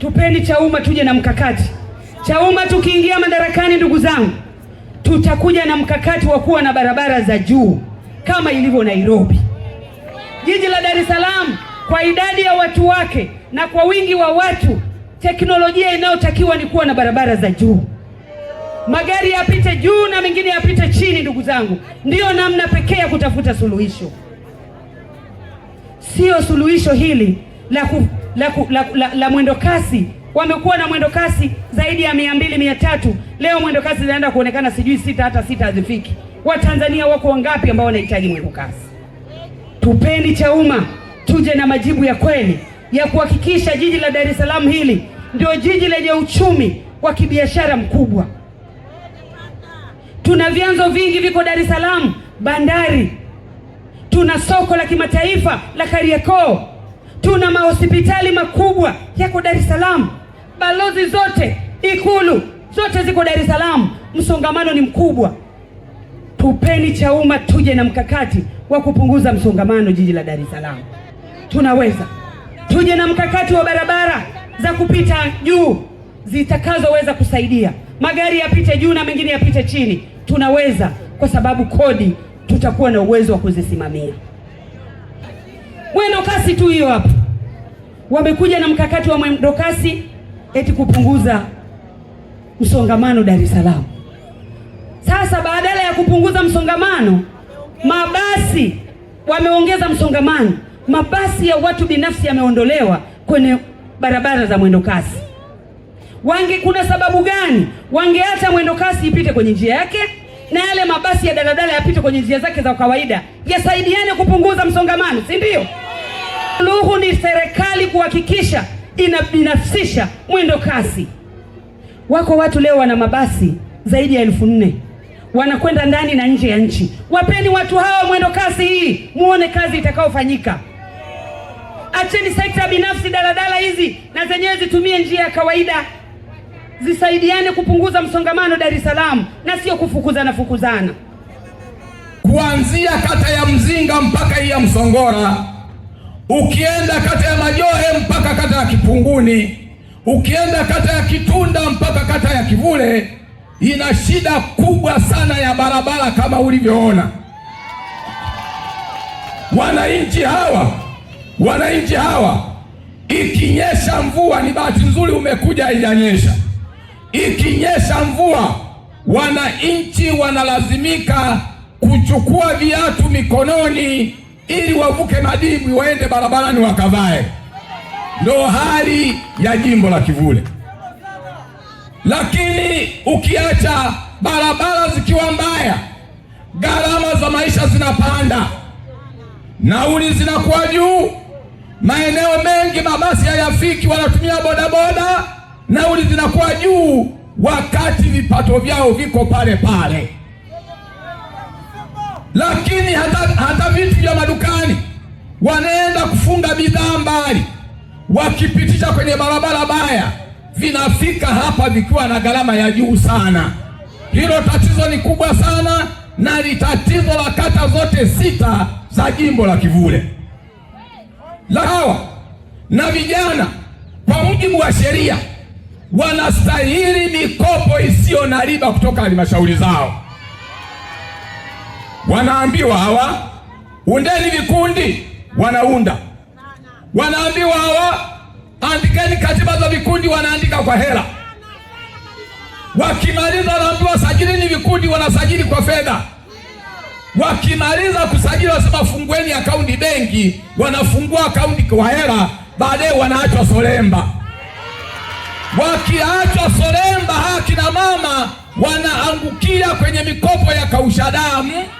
Tupeni Chauma tuje na mkakati. Chauma tukiingia madarakani, ndugu zangu, tutakuja na mkakati wa kuwa na barabara za juu kama ilivyo Nairobi. Jiji la Dar es Salaam kwa idadi ya watu wake na kwa wingi wa watu, teknolojia inayotakiwa ni kuwa na barabara za juu, magari yapite juu na mengine yapite chini. Ndugu zangu, ndiyo namna pekee ya kutafuta suluhisho, sio suluhisho hili la la, la, la, la mwendo kasi wamekuwa na mwendo kasi zaidi ya mia mbili mia tatu leo mwendo kasi zinaenda kuonekana sijui sita, hata sita hazifiki. Watanzania wako wangapi ambao wanahitaji mwendo kasi? Tupeni umma tuje na majibu ya kweli ya kuhakikisha jiji la Dar es Salaam hili ndio jiji lenye uchumi wa kibiashara mkubwa. Tuna vyanzo vingi viko Dar es Salaam, bandari, tuna soko la kimataifa la Kariakoo tuna mahospitali makubwa yako Dar es Salaam, balozi zote, ikulu zote ziko Dar es Salaam. Msongamano ni mkubwa, tupeni CHAUMMA tuje na mkakati wa kupunguza msongamano jiji la Dar es Salaam. Tunaweza tuje na mkakati wa barabara za kupita juu zitakazoweza kusaidia magari yapite juu na mengine yapite chini. Tunaweza, kwa sababu kodi tutakuwa na uwezo wa kuzisimamia. Mwendokasi tu hiyo hapo, wamekuja na mkakati wa mwendokasi eti kupunguza msongamano Dar es Salaam. Sasa badala ya kupunguza msongamano, mabasi wameongeza msongamano. Mabasi ya watu binafsi yameondolewa kwenye barabara za mwendokasi. Wange, kuna sababu gani? Wangeacha mwendokasi ipite kwenye njia yake na yale mabasi ya daladala yapite kwenye njia zake za kawaida, yasaidiane kupunguza msongamano, si ndio? Suluhu ni serikali kuhakikisha inabinafsisha mwendo kasi. Wako watu leo wana mabasi zaidi ya elfu nne wanakwenda ndani na nje ya nchi. Wapeni watu hawa mwendo kasi hii, muone kazi itakayofanyika. Acheni sekta binafsi, daladala hizi na zenyewe zitumie njia ya kawaida, zisaidiane kupunguza msongamano Dar es Salaam, na sio kufukuzana fukuzana, kuanzia kata ya Mzinga mpaka hii ya Msongora Ukienda kata ya Majohe mpaka kata ya Kipunguni, ukienda kata ya Kitunda mpaka kata ya Kivule, ina shida kubwa sana ya barabara kama ulivyoona. Wananchi hawa, wananchi hawa, ikinyesha mvua, ni bahati nzuri umekuja, haijanyesha. Ikinyesha mvua, wananchi wanalazimika kuchukua viatu mikononi ili wavuke madimbwi waende barabarani wakavae. Ndo hali ya jimbo la Kivule. Lakini ukiacha barabara zikiwa mbaya, gharama za maisha zinapanda, nauli zinakuwa juu, maeneo mengi mabasi hayafiki, wanatumia bodaboda, nauli zinakuwa juu, wakati vipato vyao viko pale pale lakini hata, hata vitu vya madukani wanaenda kufunga bidhaa mbali, wakipitisha kwenye barabara baya, vinafika hapa vikiwa na gharama ya juu sana. Hilo tatizo ni kubwa sana na ni tatizo la kata zote sita za jimbo la Kivule la hawa na vijana, kwa mujibu wa sheria wanastahili mikopo isiyo na riba kutoka halmashauri zao wanaambiwa hawa undeni vikundi, wanaunda. Wanaambiwa hawa andikeni katiba za vikundi, wanaandika kwa hela. Wakimaliza wanaambiwa sajilini vikundi, wanasajili kwa fedha. Wakimaliza kusajili wasema fungueni akaunti benki, wanafungua akaunti kwa hela, baadaye wanaachwa solemba. Wakiachwa solemba, haa, kina mama wanaangukia kwenye mikopo ya kaushadamu.